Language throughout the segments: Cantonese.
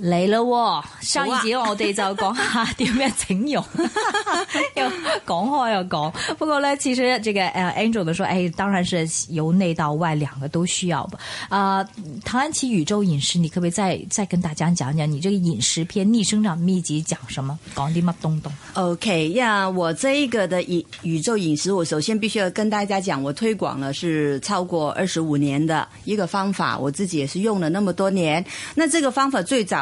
嚟咯，上一集我哋就講下點樣整容，又講開又講。不過呢，其實這個呃，Angel 就說，誒、哎，當然是由內到外，兩個都需要吧。啊、呃，唐安麒宇宙飲食，你可唔可以再再跟大家講講，你這個飲食篇逆生長秘籍講什麼，講啲乜東東？OK，呀、yeah，我這一個的宇宇宙飲食，我首先必須要跟大家講，我推廣了是超過二十五年的一個方法，我自己也是用了那麼多年。那這個方法最早。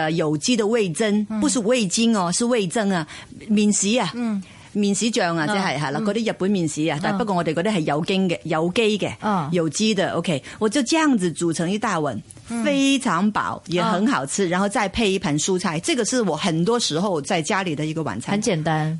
有機的味噌，不是味精哦，是味噌啊，麵豉啊，麵豉醬啊，即係係啦，嗰啲日本麵豉啊，但不過我哋嗰啲係有機嘅，有機嘅，哦、有機的，OK，我就這樣子煮成一大碗，嗯、非常飽，也很好吃，哦、然後再配一盤蔬菜，這個是我很多時候在家裡的一個晚餐，很簡單。